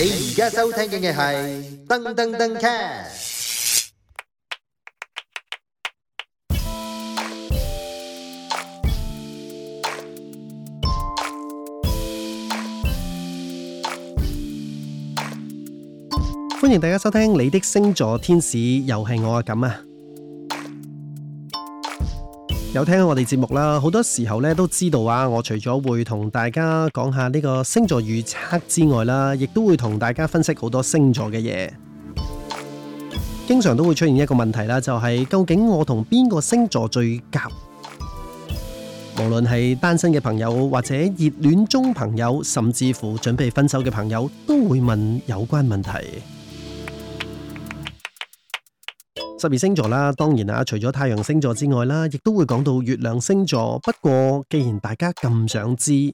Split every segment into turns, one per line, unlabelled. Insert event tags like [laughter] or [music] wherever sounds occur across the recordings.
你而家收聽嘅係燈登登 cast，歡迎大家收聽你的星座天使，又係我啊感啊！有聽我哋節目啦，好多時候咧都知道啊。我除咗會同大家講下呢個星座預測之外啦，亦都會同大家分析好多星座嘅嘢，經常都會出現一個問題啦，就係、是、究竟我同邊個星座最夾？無論係單身嘅朋友，或者熱戀中朋友，甚至乎準備分手嘅朋友，都會問有關問題。十二星座啦，當然啊，除咗太陽星座之外啦，亦都會講到月亮星座。不過既然大家咁想知，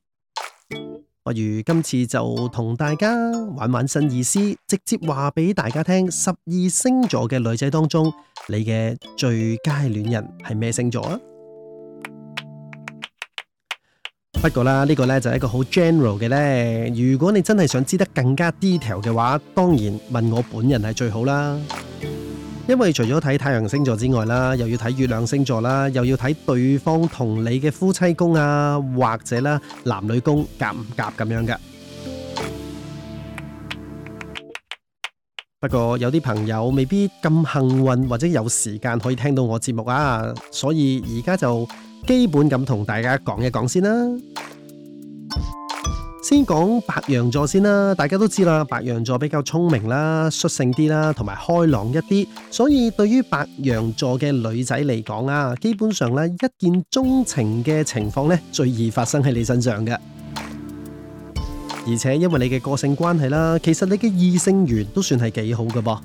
不如今次就同大家玩玩新意思，直接話俾大家聽：十二星座嘅女仔當中，你嘅最佳戀人係咩星座啊？不過啦，呢個呢就係一個好 general 嘅呢。如果你真係想知得更加 detail 嘅話，當然問我本人係最好啦。因為除咗睇太陽星座之外啦，又要睇月亮星座啦，又要睇對方同你嘅夫妻宮啊，或者啦，男女宮夾唔夾咁樣㗎。不過有啲朋友未必咁幸運，或者有時間可以聽到我節目啊，所以而家就基本咁同大家講一講先啦。先講白羊座先啦，大家都知啦，白羊座比較聰明啦、率性啲啦，同埋開朗一啲，所以對於白羊座嘅女仔嚟講啊，基本上咧一見鍾情嘅情況咧，最易發生喺你身上嘅。而且因為你嘅個性關係啦，其實你嘅異性緣都算係幾好噶噃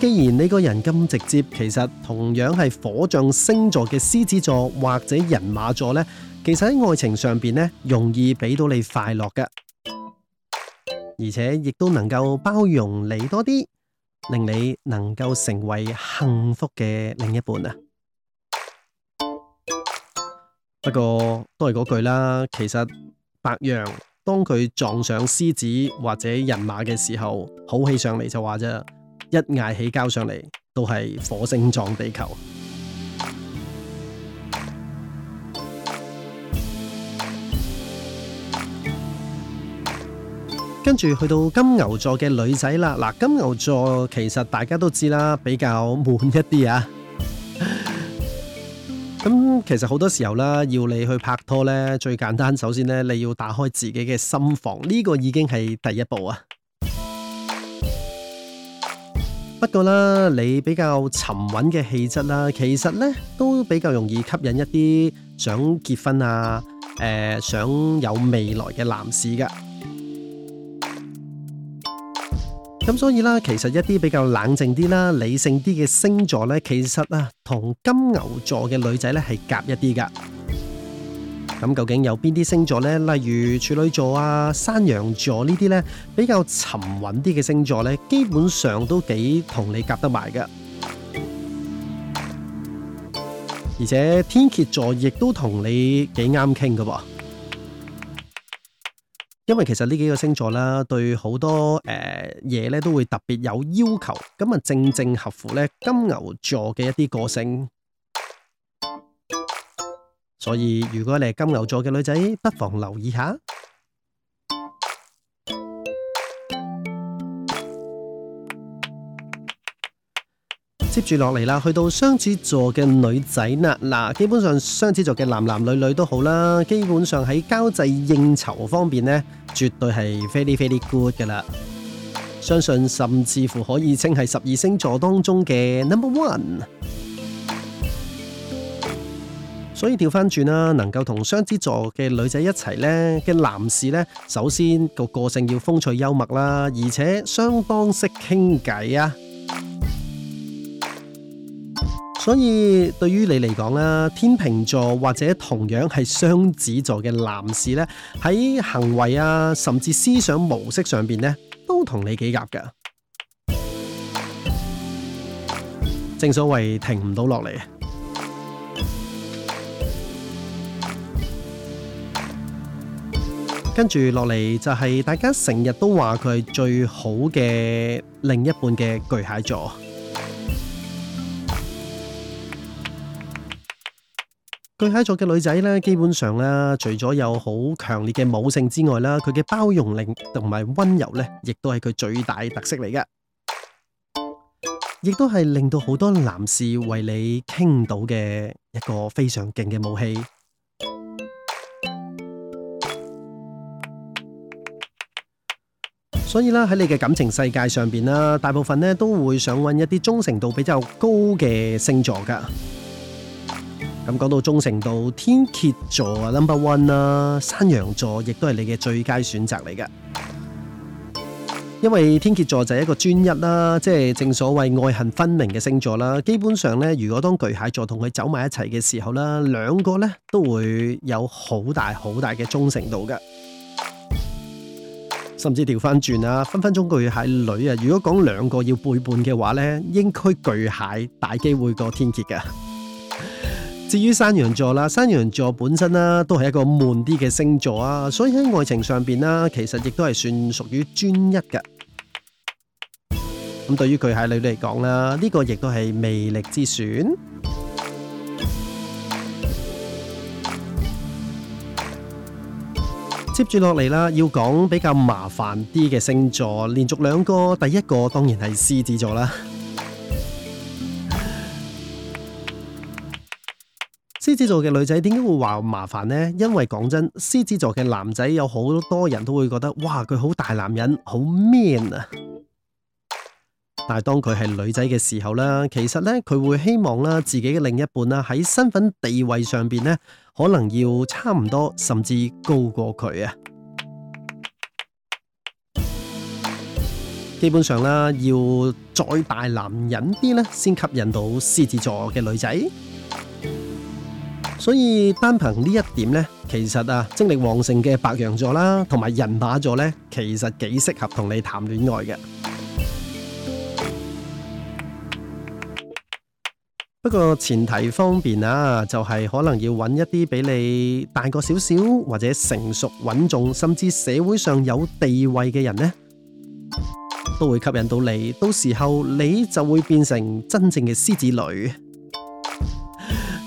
既然你個人咁直接，其實同樣係火象星座嘅獅子座或者人馬座咧。其實喺愛情上邊呢，容易俾到你快樂噶，而且亦都能夠包容你多啲，令你能夠成為幸福嘅另一半啊。 [noise] 不過都係嗰句啦，其實白羊當佢撞上獅子或者人馬嘅時候，好起上嚟，就話啫，一嗌起交上嚟，都係火星撞地球。跟住去到金牛座嘅女仔啦，嗱，金牛座其實大家都知啦，比較悶一啲啊。咁 [laughs] 其實好多時候啦，要你去拍拖呢，最簡單首先呢，你要打開自己嘅心房，呢、這個已經係第一步啊。不過啦，你比較沉穩嘅氣質啦，其實呢都比較容易吸引一啲想結婚啊、誒、呃、想有未來嘅男士噶。咁所以啦，其實一啲比較冷靜啲啦，理性啲嘅星座呢，其實啊，同金牛座嘅女仔呢係夾一啲噶。咁究竟有邊啲星座呢？例如處女座啊、山羊座呢啲呢，比較沉穩啲嘅星座呢，基本上都幾同你夾得埋噶。而且天蠍座亦都同你幾啱傾噶噃。因為其實呢幾個星座啦，對好多誒嘢咧都會特別有要求，咁啊正正合乎咧金牛座嘅一啲個性，所以如果你係金牛座嘅女仔，不妨留意下。接住落嚟啦，去到雙子座嘅女仔啦，嗱，基本上雙子座嘅男男女女都好啦，基本上喺交際應酬方面咧，絕對係 very very good 噶啦，相信甚至乎可以稱係十二星座當中嘅 number one。所以調返轉啦，能夠同雙子座嘅女仔一齊咧嘅男士咧，首先個個性要風趣幽默啦，而且相當識傾偈啊！所以對於你嚟講啦，天秤座或者同樣係雙子座嘅男士呢，喺行為啊，甚至思想模式上邊呢，都同你幾夾噶。正所謂停唔到落嚟。跟住落嚟就係大家成日都話佢係最好嘅另一半嘅巨蟹座。巨蟹座嘅女仔咧，基本上啦，除咗有好強烈嘅母性之外啦，佢嘅包容力同埋溫柔呢亦都係佢最大特色嚟嘅，亦都係令到好多男士為你傾倒嘅一個非常勁嘅武器。所以啦，喺你嘅感情世界上邊啦，大部分呢都會想揾一啲忠誠度比較高嘅星座噶。咁講到忠誠度，天蠍座啊，Number One 啦，山羊座亦都係你嘅最佳選擇嚟嘅，因為天蠍座就係一個專一啦，即係正所謂愛恨分明嘅星座啦。基本上呢，如果當巨蟹座同佢走埋一齊嘅時候啦，兩個呢都會有好大好大嘅忠誠度嘅，甚至調翻轉啦，分分鐘巨蟹女啊！如果講兩個要背叛嘅話呢，應該巨蟹大機會過天蠍嘅。至於山羊座啦，山羊座本身啦都係一個悶啲嘅星座啊，所以喺愛情上邊啦，其實亦都係算屬於專一嘅。咁對於巨蟹女女嚟講啦，呢個亦都係魅力之選。接住落嚟啦，要講比較麻煩啲嘅星座，連續兩個，第一個當然係獅子座啦。獅子座嘅女仔點解會話麻煩呢？因為講真，獅子座嘅男仔有好多人都會覺得，哇，佢好大男人，好 man 啊！但係當佢係女仔嘅時候啦，其實咧佢會希望啦自己嘅另一半啦喺身份地位上邊咧，可能要差唔多，甚至高過佢啊！基本上啦，要再大男人啲咧，先吸引到獅子座嘅女仔。所以單憑呢一點呢，其實啊，精力旺盛嘅白羊座啦，同埋人馬座呢，其實幾適合同你談戀愛嘅。不過前提方便啊，就係可能要揾一啲比你大個少少，或者成熟穩重，甚至社會上有地位嘅人呢，都會吸引到你。到時候你就會變成真正嘅獅子女。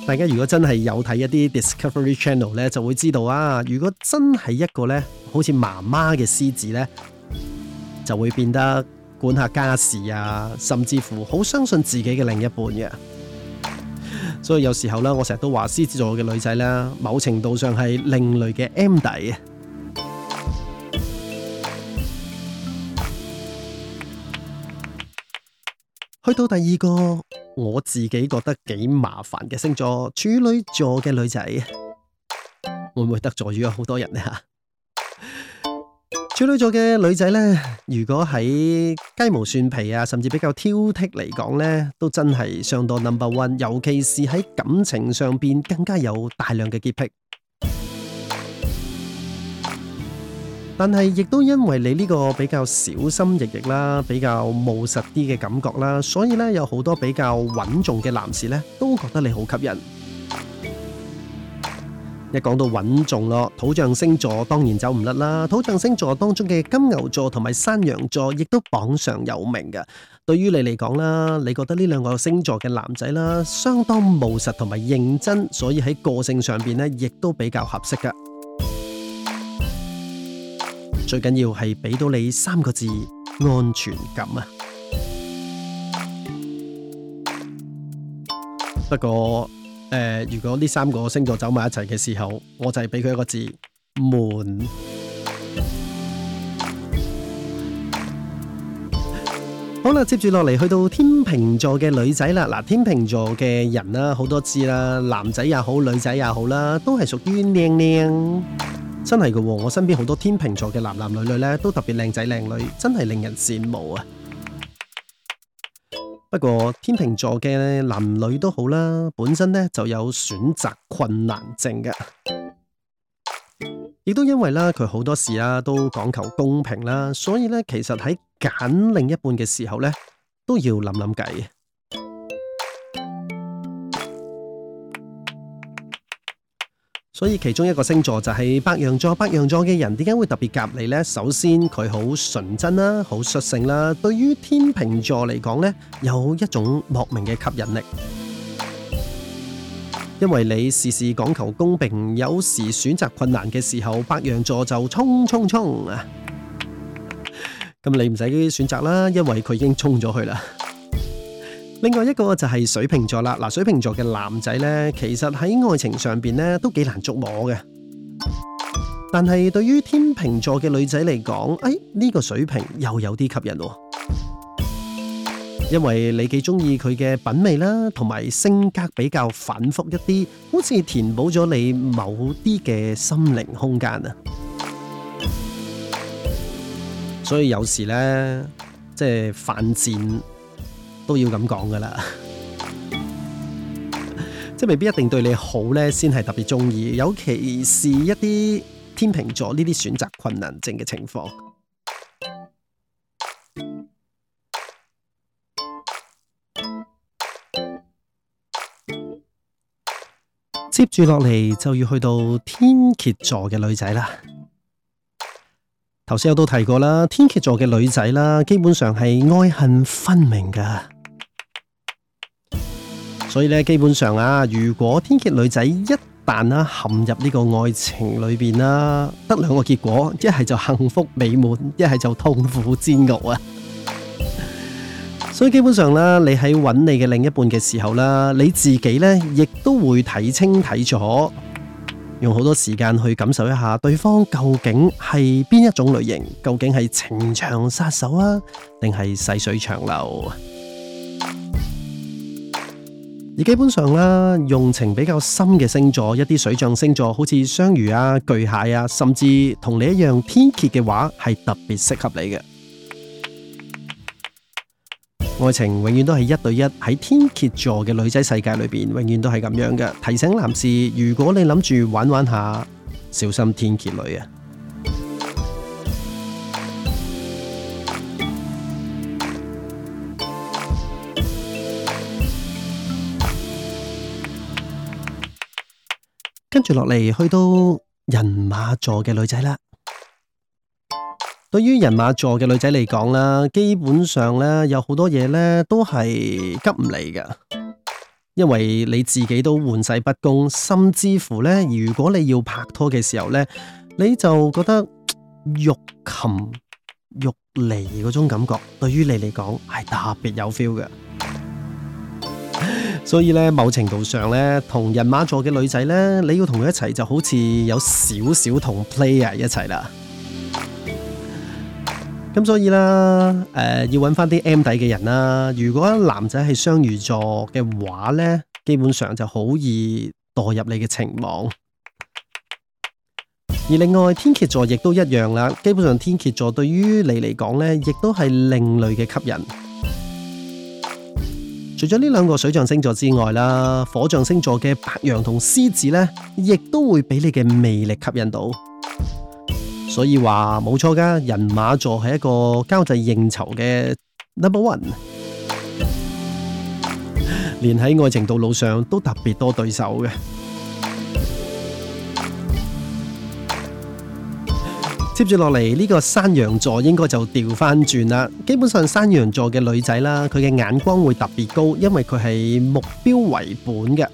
大家如果真係有睇一啲 Discovery Channel 咧，就會知道啊！如果真係一個咧，好似媽媽嘅獅子咧，就會變得管下家事啊，甚至乎好相信自己嘅另一半嘅。所以有時候咧，我成日都話獅子座嘅女仔咧，某程度上係另類嘅 M 底。去到第二個，我自己覺得幾麻煩嘅星座，處女座嘅女仔會唔會得罪咗好多人呢？ [laughs] 處女座嘅女仔呢，如果喺雞毛蒜皮啊，甚至比較挑剔嚟講呢，都真係相當 number one，尤其是喺感情上面更加有大量嘅潔癖。但係亦都因為你呢個比較小心翼翼啦，比較務實啲嘅感覺啦，所以咧有好多比較穩重嘅男士咧都覺得你好吸引。一講到穩重咯，土象星座當然走唔甩啦。土象星座當中嘅金牛座同埋山羊座亦都榜上有名嘅。對於你嚟講啦，你覺得呢兩個星座嘅男仔啦，相當務實同埋認真，所以喺個性上邊咧亦都比較合適㗎。最緊要係俾到你三個字安全感啊！不過誒、呃，如果呢三個星座走埋一齊嘅時候，我就係俾佢一個字悶。好啦，接住落嚟，去到天秤座嘅女仔啦，嗱，天秤座嘅人啦，好多字啦，男仔也好，女仔也好啦，都係屬於靚靚。真係嘅，我身邊好多天秤座嘅男男女女咧，都特別靚仔靚女，真係令人羨慕啊！不過天秤座嘅男女都好啦，本身咧就有選擇困難症嘅，亦都因為啦佢好多時啊都講求公平啦，所以咧其實喺揀另一半嘅時候咧都要諗諗計。所以其中一個星座就係白羊座，白羊座嘅人點解會特別夾你呢？首先佢好純真啦，好率性啦。對於天秤座嚟講呢，有一種莫名嘅吸引力，因為你事事講求公平，有時選擇困難嘅時候，白羊座就衝衝衝啊！咁你唔使選擇啦，因為佢已經衝咗去啦。另外一個就係水瓶座啦，嗱，水瓶座嘅男仔呢，其實喺愛情上邊呢都幾難捉摸嘅。但係對於天秤座嘅女仔嚟講，誒呢個水瓶又有啲吸引，因為你幾中意佢嘅品味啦，同埋性格比較反覆一啲，好似填補咗你某啲嘅心靈空間啊。所以有時呢，即係犯賤。都要咁講噶啦，即係未必一定對你好，呢先係特別中意。尤其是一啲天秤座呢啲選擇困難症嘅情況。接住落嚟就要去到天蠍座嘅女仔啦。頭先我都提過啦，天蠍座嘅女仔啦，基本上係愛恨分明噶。所以咧，基本上啊，如果天蠍女仔一旦啊陷入呢個愛情裏邊啦，得兩個結果，一係就幸福美滿，一係就痛苦煎熬啊。所以基本上咧，你喺揾你嘅另一半嘅時候啦，你自己咧亦都會睇清睇楚，用好多時間去感受一下對方究竟係邊一種類型，究竟係情場殺手啊，定係細水長流。而基本上啦，用情比較深嘅星座，一啲水象星座，好似雙魚啊、巨蟹啊，甚至同你一樣天蠍嘅話，係特別適合你嘅。愛情永遠都係一對一，喺天蠍座嘅女仔世界裏邊，永遠都係咁樣嘅。提醒男士，如果你諗住玩玩下，小心天蠍女啊！跟住落嚟，去到人馬座嘅女仔啦。對於人馬座嘅女仔嚟講啦，基本上咧有好多嘢咧都係急唔嚟噶，因為你自己都玩世不恭，甚至乎咧，如果你要拍拖嘅時候咧，你就覺得欲擒欲離，嗰種感覺，對於你嚟講係特別有 feel 嘅。所以咧，某程度上咧，同人馬座嘅女仔咧，你要同佢一齊，就好似有少少同 player 一齊啦。咁所以啦，誒、呃，要揾翻啲 M 底嘅人啦。如果男仔係雙魚座嘅話咧，基本上就好易墮入你嘅情網。而另外天蠍座亦都一樣啦，基本上天蠍座對於你嚟講咧，亦都係另類嘅吸引。除咗呢兩個水象星座之外啦，火象星座嘅白羊同獅子呢，亦都會俾你嘅魅力吸引到。所以話冇錯㗎，人馬座係一個交際應酬嘅 number one，連喺愛情道路上都特別多對手嘅。接住落嚟呢個山羊座應該就調翻轉啦。基本上山羊座嘅女仔啦，佢嘅眼光會特別高，因為佢係目標為本嘅。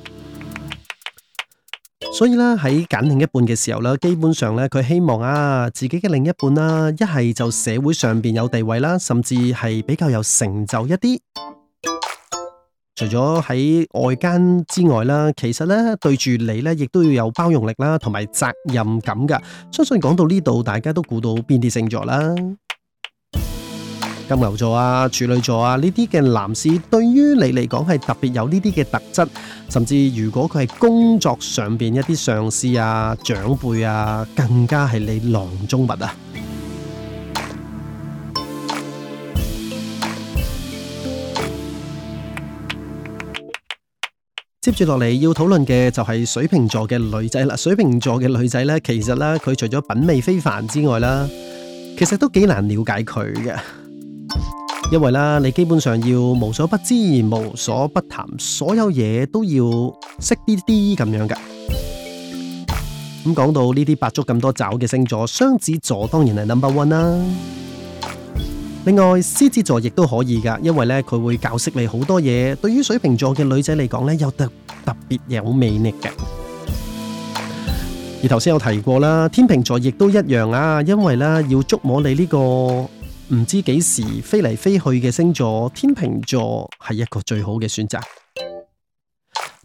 所以咧，喺揀另一半嘅時候咧，基本上咧佢希望啊自己嘅另一半啦，一係就社會上邊有地位啦，甚至係比較有成就一啲。除咗喺外間之外啦，其實咧對住你咧，亦都要有包容力啦，同埋責任感噶。相信講到呢度，大家都估到邊啲星座啦，金牛座啊、處女座啊呢啲嘅男士，對於你嚟講係特別有呢啲嘅特質，甚至如果佢係工作上面一啲上司啊、長輩啊，更加係你囊中物啊。接住落嚟要討論嘅就係水瓶座嘅女仔啦，水瓶座嘅女仔呢，其實呢，佢除咗品味非凡之外啦，其實都幾難了解佢嘅，因為啦，你基本上要無所不知、無所不談，所有嘢都要識啲啲咁樣噶。咁講到呢啲百足咁多爪嘅星座，雙子座當然係 number one 啦。另外，獅子座亦都可以噶，因為咧佢會教識你好多嘢。對於水瓶座嘅女仔嚟講咧，又特特別有魅力嘅。而頭先有提過啦，天秤座亦都一樣啊，因為咧要捉摸你呢個唔知幾時飛嚟飛去嘅星座，天秤座係一個最好嘅選擇。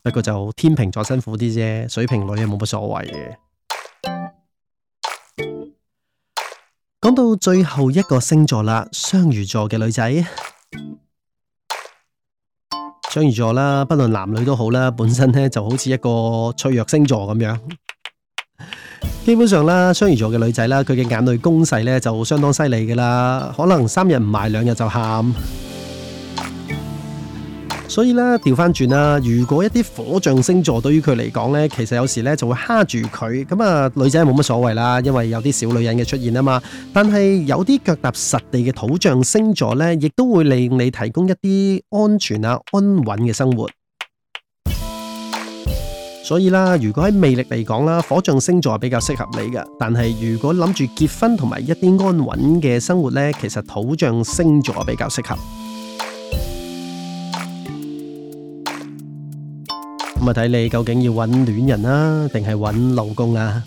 不過就天秤座辛苦啲啫，水瓶女又冇乜所謂嘅。到最後一個星座啦，雙魚座嘅女仔，雙魚座啦，不論男女都好啦，本身咧就好似一個脆弱星座咁樣。基本上啦，雙魚座嘅女仔啦，佢嘅眼淚攻勢咧就相當犀利㗎啦，可能三日唔埋，兩日就喊。所以咧，調翻轉啦。如果一啲火象星座對於佢嚟講呢，其實有時呢就會蝦住佢。咁啊，女仔冇乜所謂啦，因為有啲小女人嘅出現啊嘛。但係有啲腳踏實地嘅土象星座呢，亦都會令你提供一啲安全啊安穩嘅生活。所以啦，如果喺魅力嚟講啦，火象星座比較適合你㗎。但係如果諗住結婚同埋一啲安穩嘅生活呢，其實土象星座比較適合。咁啊，睇你究竟要揾戀人啊，定係揾老公啊？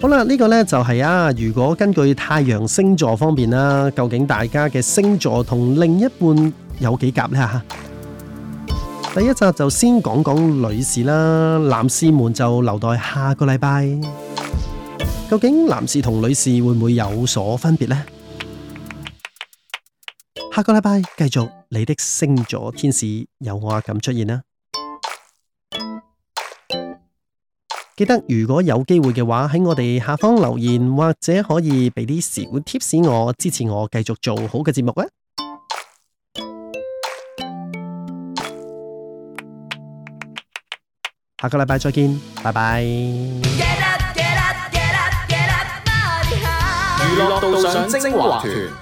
好啦，呢個呢就係啊，如果根據太陽星座方面啦，究竟大家嘅星座同另一半有幾夾呢？吓，第一集就先講講女士啦，男士們就留待下個禮拜。究竟男士同女士會唔會有所分別呢？下個禮拜繼續，你的星座天使有我阿感出現啦！記得如果有機會嘅話喺我哋下方留言，或者可以俾啲小 tips 我，支持我繼續做好嘅節目咧。下個禮拜再見，拜拜！娛樂道上精華團。